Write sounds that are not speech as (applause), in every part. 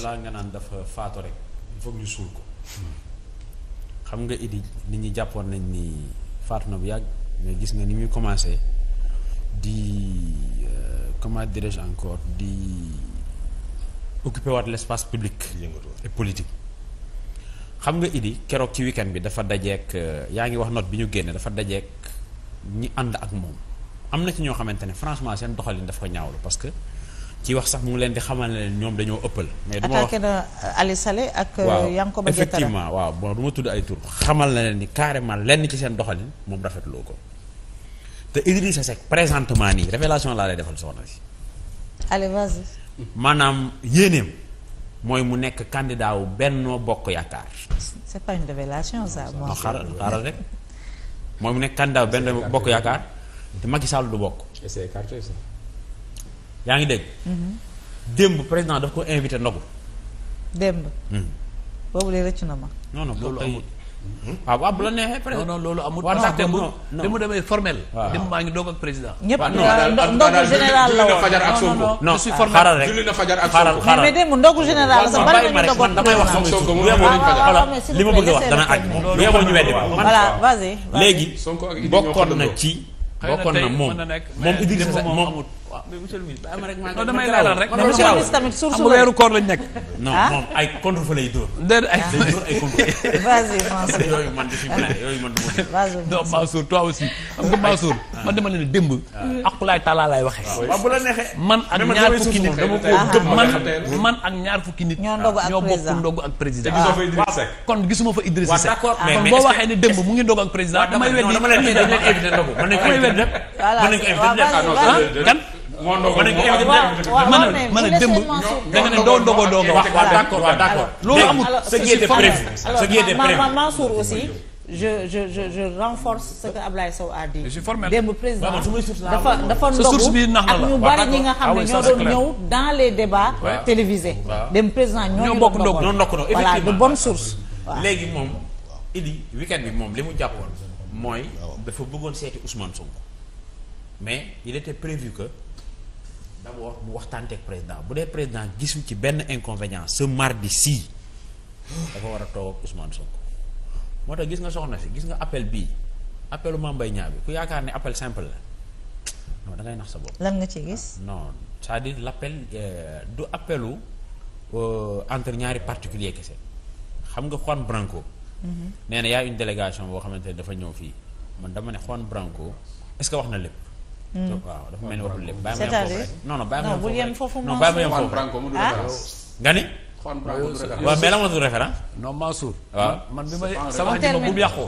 balaa nga naan dafa faatoo rek il ñu suul ko hmm. xam nga Idi nit ñi jàppoon nañ ni faatu na bu yàgg mais gis nga ni muy commencé di euh, comment dirais-je encore di occuper waat l'espace public politique xam nga Idi keroog ci week bi dafa dajeek euh, yaa ngi wax note bi ñu génne dafa dajeek ñi ànd ak moom am na ci ñoo xamante ne franchement seen doxalin daf ko ñaawlu parce que ci wax sax mu leen di xamal ne ñoom dañoo ëppal. mais du ma wax attaqué na Ali Saleh ak. Euh, Yankoba Diattara waaw waaw du ma tudd ay tur. xamal na leen ni carrément lenn ci seen doxalin moom rafetloo ko te Idrissa Seck présentement nii révélation laa lay defal soxna si. allez vas mooy mu nekk candidat benn Benno Bokk Yaakaar. c'est pas une révélation ça. non xaaral xaaral rek mooy mu nekk candidat wu Benno Bokk Yaakaar te Macky Sall du bokk. et yaa ngi dégg. Mm-hmm. démb président daf ko invité ndogu. démb. Mm. boobu de rëcc na ma. non non loolu amul. waaw mm-hmm. ah, waaw bu la neexee président. non non loolu amul. waaw ndax démb démb demee formel. ñëpp ndogu général la woon fajar ak Sonko. non xaaral rek julli na fajar ak Sonko. xaaral mais démb ndogu général la sax bari ah, ah, li ma bëgg a wax dana àgg moom bu yeboo ñu weddi voilà vas-y léegi bokkoon na ci bokkoon na moom moom Idrissa moom waaw mais monsieur le ministre ba am rek maa damay laalal rek monsieur le ministre tamit source la weeru koor lañ nekk non ah? moom ay contre fa lay dóor (laughs) déedéet ay dóor ay contre (laughs) vas-y Mansour yooyu man defi bëri yooyu man du non Mansour toi aussi xam nga Mansour ah. man dama ne démb aqulaay ah. taalaa laay waxee waaw bu la neexee man ak ñaar fukki nit dama ko gëm man man ak ñaar fukki nit ñoo bokk ndogu ak président kon gisuma fa Idrissa Seck kon boo waxee ne démb mu ngi ndogu ak président damay weddi damay weddi damay weddi kan moo ndogo man man démb da nga ne doo ndogo doo nga wax d'accord waaw d'accord loolu amul ce qui était prévu ce qui était prévu Mansour aussi je je je renforce ce que Ablaye Sow a dit. démb président dafa dafa ndogu ak ñu nga xam ah ne ñoo doon ñëw dans les débats président ñoo bokk ndogu ñoo bokk ndogu voilà de bonne source. léegi moom Idi weekend bi moom li mu jàppoon mooy dafa bëggoon seeti Ousmane Sonko mais il était prévu que. d'abord mu waxtaante ak président bu dee président gisu ci benn inconvénient ce mardi si dafa war a toog ak Ousmane Sonko moo tax gis nga soxna si gis nga appel bii appelu Mame Mbaye Niang bi ku yaakaar ni appel simple la non da ngay nax sa bopp. lan nga ci gis. Ah, non cest à l'appel euh, du appelu euh, entre ñaari particulier kese xam nga Juan Branco. Mhm. nee na yaa une délégation boo xamante ne dafa ñëw fii man dama ne Juan Branco est-ce que wax na lépp. Mm. waaw dafa mel ni waxul lépp bàyyi ma yem foofu rek non non bàyyi ma yem foofu rek non bul ma yem foofu rek nga ni waaw mais la ma dul référent non Mansour waaw man bi may sama jëma bu mu yàqoo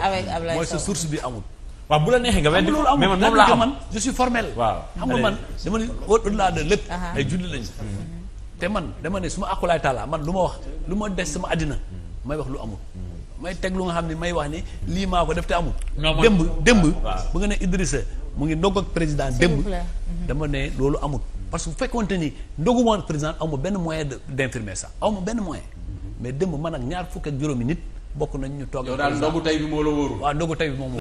mooy sa source bi amul waaw bu la neexee nga weddi loolu amul mais man moom laa man je suis formel xam nga man dama ne au-delà de lépp ah, ah. ay julli te man dama ne su ma man lu ma wax lu ma des sama àddina may wax lu amul may teg lu nga xam ne may wax ni lii maa ko def te amul démb démb ba nga ne Idrissa mu ngi ndog ak président démb mhm. dama ne loolu amul parce que bu fekkoonte ni ndogu woon président aw benn moyen de ça aw ma benn moyen mhm. mais démb man ak ñaar fukk ak juróomi nit bokk nañ ñu toog. yow daal ndogu tey bi moo la wóoru waaw ndogu tey bi moom